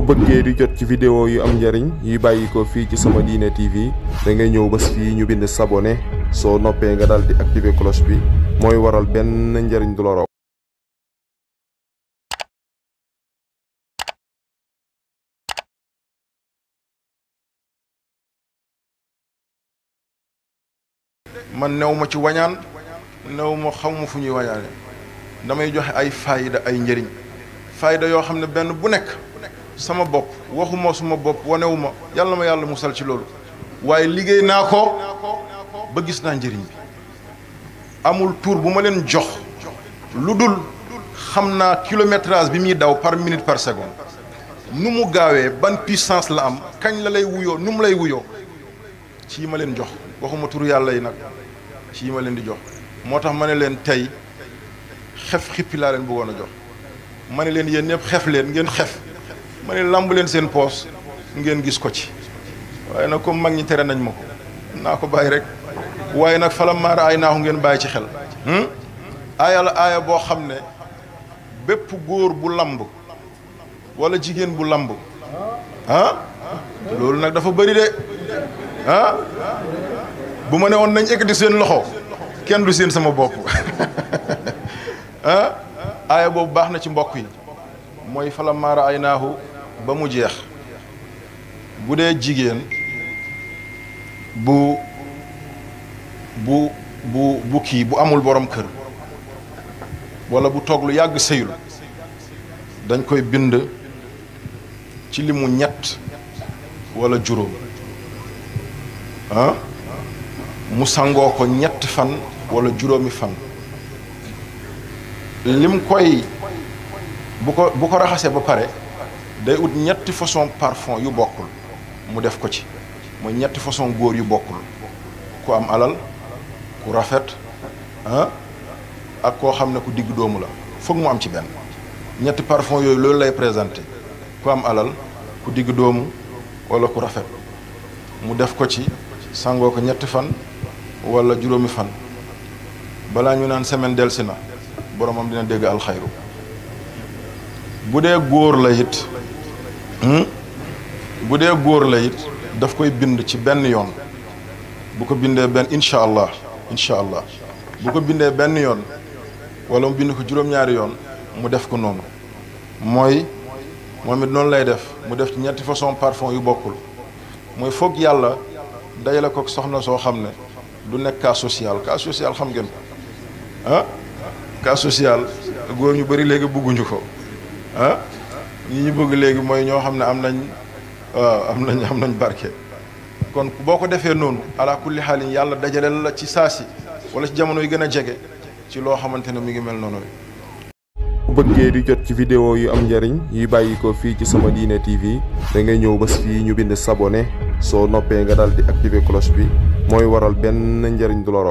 bu bëggee jot ci vidéo yu am njariñ yi bàyyi fii ci sama diine TV ñu bind sabonné soo noppee nga daal di bi mooy waral benn njariñ man new ma ci wañaan new ma xaw fu ñuy wañaane damay joxe ay fayda ay njëriñ fayda yoo xam ne benn bu nekk sama bopp waxuma suma bopp wanewuma yàlla ma yàlla musal ci loolu waaye liggéey naa ko ba gis naa njëriñ bi amul tour bu ma leen jox lu dul xam naa kilométrage bi muy daw par minute par seconde nu mu gaawee ban puissance la am kañ la lay wuyoo nu mu lay wuyoo ci ma leen jox waxuma tur yàlla yi nag ci ma leen di jox moo tax ma ne leen tey xef xippi laa leen bëggoon a jox ma ne leen yéen ñëpp xef leen ngeen xef ma ne lamb leen seen poos ngeen gis ko ci waaye nag comme mag ñi tere nañ ma ko naa ko bàyyi rek waaye nag falam maara ay naaxu ngeen bàyyi ci xel hmm? aaya la aaya boo xam ne bépp góor bu lamb wala jigéen bu lamb ah loolu nag dafa bari de ah bu ma ne woon nañ ekkati seen loxo kenn du seen sama bopp ah aaya boobu baax na ci mbokk yi mooy falam maara ay naaxu ba mu jeex bu dee jigéen bu bu bu kii bu amul borom kër walla bu toog lu yàgg sëyul dañ koy bind ci limu ñett walla juróom ah? mu sangoo ko ñett fan wala juróomi fan lim koy bu ko bu ko raxasee ba pare day ut ñetti façon parfum yu bokkul mu def ko ci mooy ñetti façon góor yu bokkul ku am alal ku rafet ah ak koo xam ne ku digg doomu la foog mu am ci benn ñetti parfum yooyu loolu lay présenté ku am alal ku digg dóomu walla ku rafet mu def ko ci sangoo ko ñetti fan wala juróomi fan balaa ñu naan semaine delsi na boromam dina dégg alxayru bu dee góor la it hmm? bu dee góor la it daf koy bind ci benn yoon bu ko bindee benn incha allah incha allah bu ko bindee benn yoon wala mu bind ko juróom-ñaari yoon mu def ko noonu mooy moom it noonu lay def mu def ci ñetti façon parfum yu bokkul mooy foog yàlla dajale ko soxna soo xam ne du nekk cas social cas social xam ngeen ah cas social góor ñu bari léegi bugguñu ko. ah ñi ñu bëgg léegi mooy ñoo xam ne am nañ am nañ am nañ barke kon boo ko defee noonu ala kulli xaalin yàlla dajaleel la ci saasi wala ci jamono yi gën a jege ci loo xamante ne mi ngi mel noonu boo bëggee di jot ci vidéo yi am njëriñ yi bàyyikoo fii ci sama diine TV da ngay ñëw bés fii ñu bind sabone soo noppee nga daal di activer cloche bi mooy waral benn njëriñ du raw